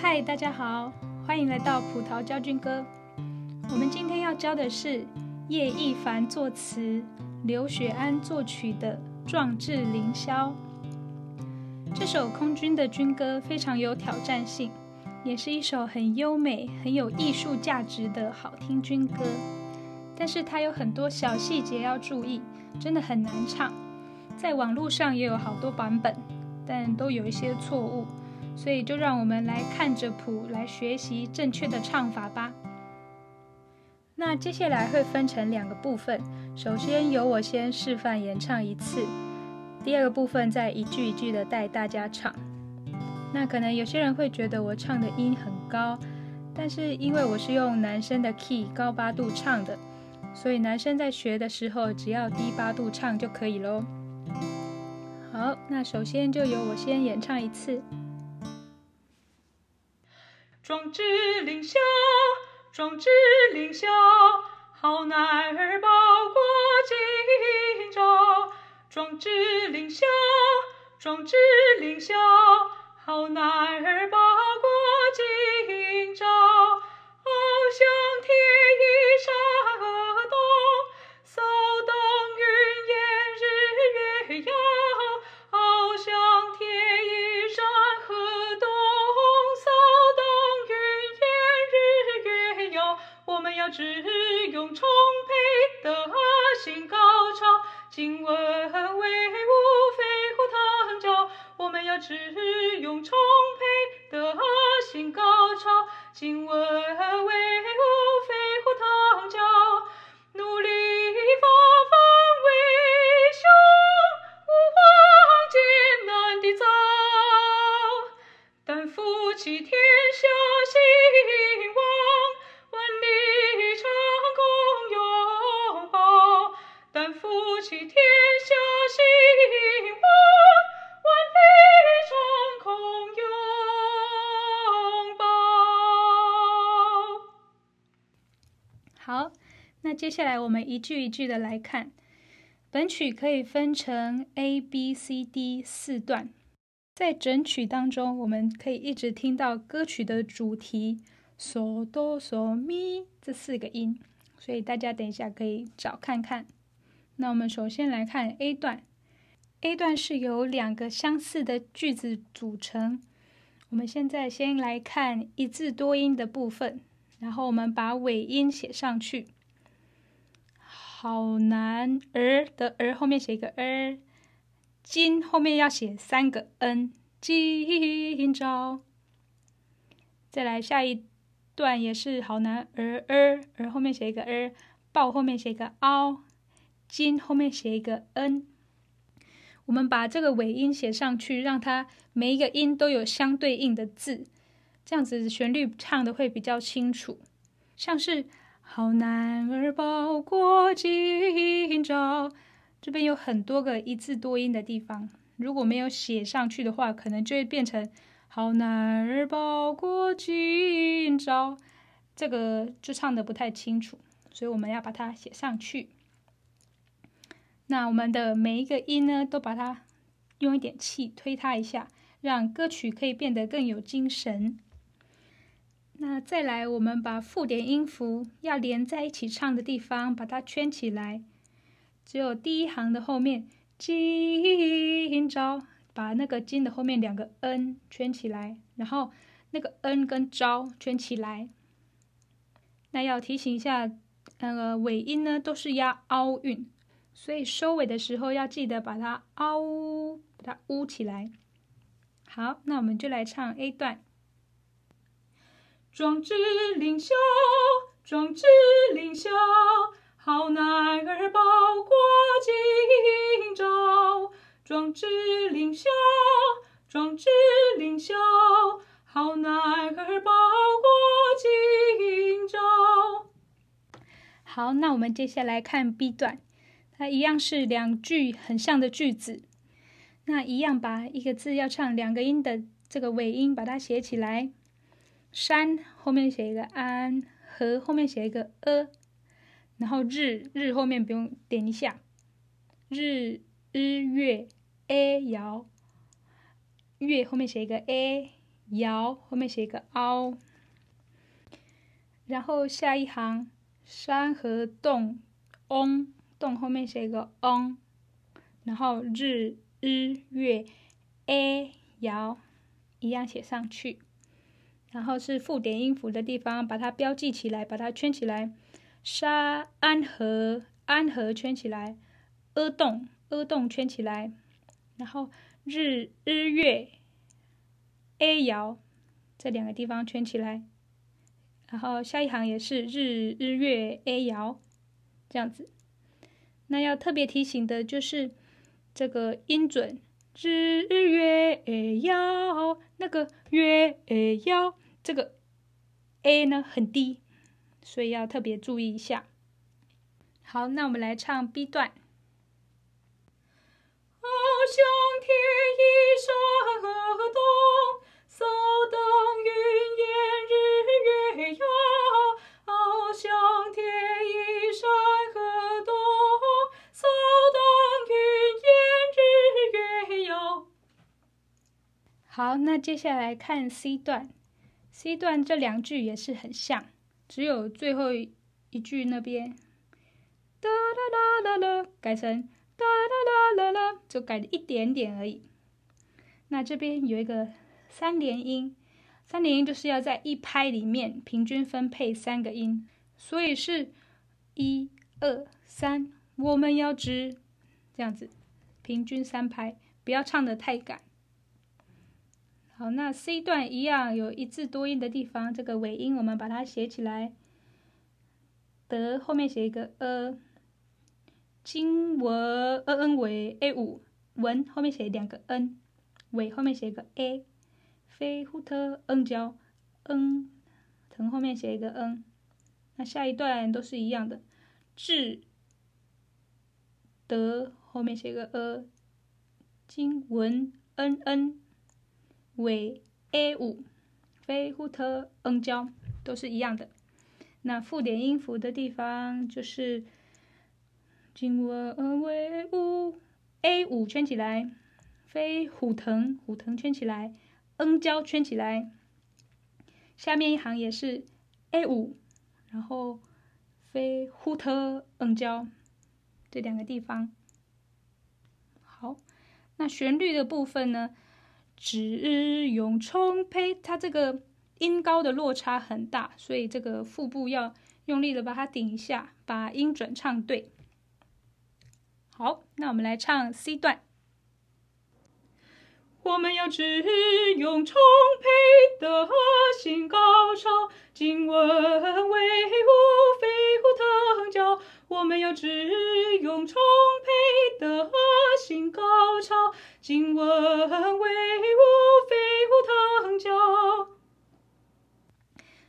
嗨，大家好，歡迎來到葡萄教軍歌。我們今天要教的是葉逸凡作詞、劉雪庵作曲的《壯志凌霄》。這首空軍的軍歌非常有挑戰性，也是一首很優美、很有藝術價值的好聽軍歌。但是它有很多小細節要注意，真的很難唱。在網絡上也有好多版本，但都有一些錯誤，所以就讓我們來看着譜來學習正確的唱法吧。那接下來會分成兩個部分，首先由我先示範演唱一次，第二個部分再一句一句的帶大家唱。那可能有些人會覺得我唱的音很高，但是因為我是用男生的 key 高八度唱的。所以男生在學的時候，只要低八度唱就可以嘍。好，那首先就由我先演唱一次。壯志凌霄，壯志凌霄，好男兒報國今朝。壯志凌霄，壯志凌霄，好男兒報國。智勇充沛，德性高超，經文。接下來，我們一句一句的來看。本曲可以分成 A B C D 四段，在整曲當中，我們可以一直聽到歌曲的主題“嗦哆嗦咪”這四個音，所以大家等一下可以找看看。那我們首先來看 A 段，A 段是由兩個相似的句子組成。我們現在先來看一字多音的部分，然後我們把尾音寫上去。好男兒的兒後面寫一個兒，今後面要寫三個 n，今朝。再來下一段也是好男兒兒兒後面寫一個兒，報後面寫一個凹，今後面寫一個 n。我們把這個尾音寫上去，讓它每一個音都有相對應的字，這樣子旋律唱得會比較清楚，像是。好男兒報國今朝，這邊有很多個一字多音的地方，如果沒有寫上去的話，可能就會變成好男兒報國今朝，這個就唱得不太清楚，所以我們要把它寫上去。那我們的每一個音呢，都把它用一點氣推它一下，讓歌曲可以變得更有精神。那再來，我們把附點音符要連在一起唱的地方，把它圈起來。只有第一行的後面“今朝”，把那個“今”的後面兩個 “n” 圈起來，然後那個 “n” 跟“朝”圈起來。那要提醒一下，那、呃、個尾音呢，都是押凹韻，所以收尾的時候要記得把它凹，把它嗚起來。好，那我們就來唱 A 段。壯志凌霄，壯志凌霄，好男兒報國今朝。壯志凌霄，壯志凌霄，好男兒報國今朝。好，那我們接下來看 B 段，它一樣是兩句很像的句子。那一樣把一個字要唱兩個音的這個尾音，把它寫起來。山後面寫一個安，河後面寫一個呃，然後日日後面不用點一下，日日月 a 搖，月後面寫一個 a，搖後面寫一個 ao。然後下一行山河動 ong 動後面寫一個 ong 然後，翁後，翁然後日日月 a 搖，一樣寫上去。然後是附點音符的地方，把它標記起來，把它圈起來。沙安和安和圈起來，呃洞呃洞圈起來。然後日日月 A 搖這兩個地方圈起來。然後下一行也是日日月 A 搖這樣子。那要特別提醒的就是這個音準。日，日月搖，那個月搖，這個 A 呢很低，所以要特別注意一下。好，那我們來唱 B 段。翱翔鐵翼山河動，掃蕩雲煙，日月搖，翱翔。好，那接下來看 C 段，C 段這兩句也是很像，只有最後一句那邊，噠啦啦啦啦，改成噠啦啦啦啦，就改了一點點而已。那這邊有一個三連音，三連音就是要在一拍裡面平均分配三個音，所以是一二三，我們要智這樣子，平均三拍，不要唱得太趕。好，那 C 段一樣有一字多音的地方，這個尾音我們把它寫起來。德後面寫一個呃，經文呃嗯緯 A 武文後面寫兩個 N，緯後面寫一個 A，飛虎特 N 蛟 N 騰後面寫一個 N。那下一段都是一樣的，智。德後面寫個呃，經文嗯嗯。嗯緯武，飛虎騰恩蛟都是一樣的。那附點音符的地方就是經文緯武，緯武圈起來，飛虎騰，虎騰圈起來，恩、嗯、蛟圈起來。下面一行也是緯武，然後飛虎騰、恩、嗯、蛟，這兩個地方。好，那旋律的部分呢？只用充沛，它這個音高的落差很大，所以這個腹部要用力的把它頂一下，把音準唱對。好，那我們來唱 C 段。我們要智勇充沛，德性高超，經文緯武，飛虎騰蛟。我們要智勇充沛，德性高超。經文緯武，飛虎騰蛟。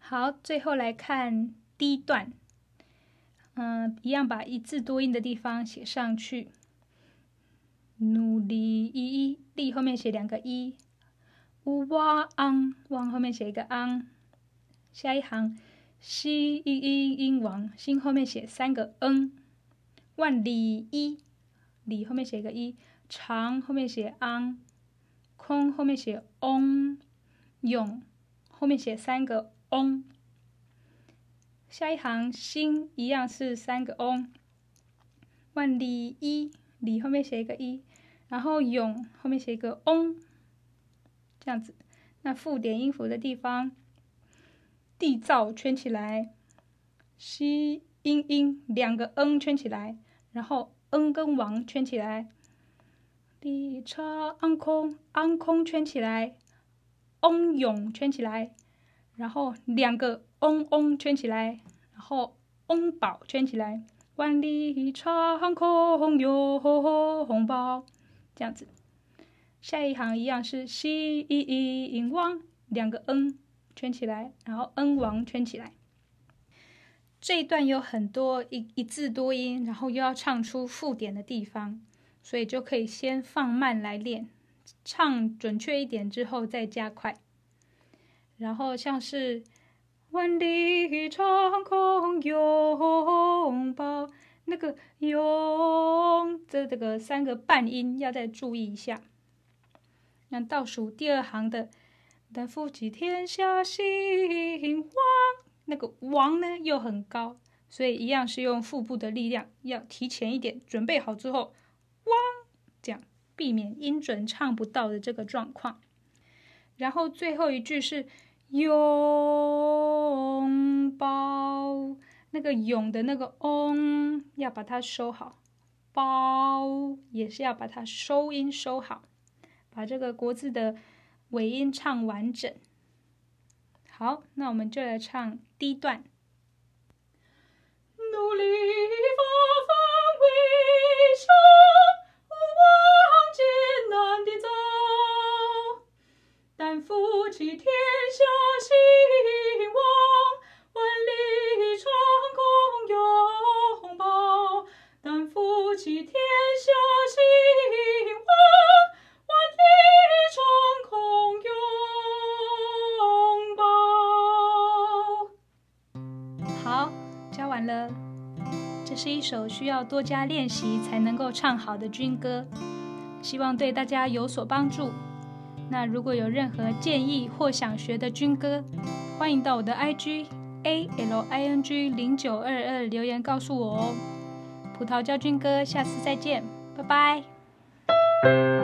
好，最後來看第一段。嗯，一樣把一字多音的地方寫上去。努力一一力後面寫兩個一。五哇昂往後面寫一個昂。下一行，西一一英王心後面寫三個嗯。萬里一。里後面寫一個一，長後面寫 ang，空後面寫 ong，永後面寫三個 ong，下一行心一樣是三個 ong，萬里一里後面寫一個一，然後永後面寫一個 ong，這樣子。那附點音符的地方，地造圈起來，西音音兩個 n 圈起來，然後。恩、嗯、跟王圈起來，萬里安空，安空圈起來，翁永圈起來，然後兩個翁翁圈起來，然後翁寶圈,圈起來，萬里長空喲，紅包這樣子。下一行一樣是西一銀王，兩個恩、嗯、圈起來，然後恩王圈起來。這一段有很多一一字多音，然後又要唱出附點的地方，所以就可以先放慢來練，唱準確一點之後再加快。然後像是萬里長空永保那個永的這，這個三個半音，要再注意一下。那倒數第二行的，擔負起天下興亡。那個「亡」呢又很高，所以一樣是用腹部的力量，要提前一點準備好之後，亡，這樣避免音準唱不到的這個狀況。然後最後一句是永保，那個「永」的那個「翁」要把它收好，保也是要把它收音收好，把這個國字的尾音唱完整。好，那我們就來唱第一段。努力發奮為雄，勿忘艱難締造，擔負起天下興。首需要多加練習才能夠唱好的軍歌，希望對大家有所幫助。那如果有任何建議或想學的軍歌，歡迎到我的 I G A L I N G 零九二二留言告訴我哦。葡萄教軍歌，下次再見，拜拜。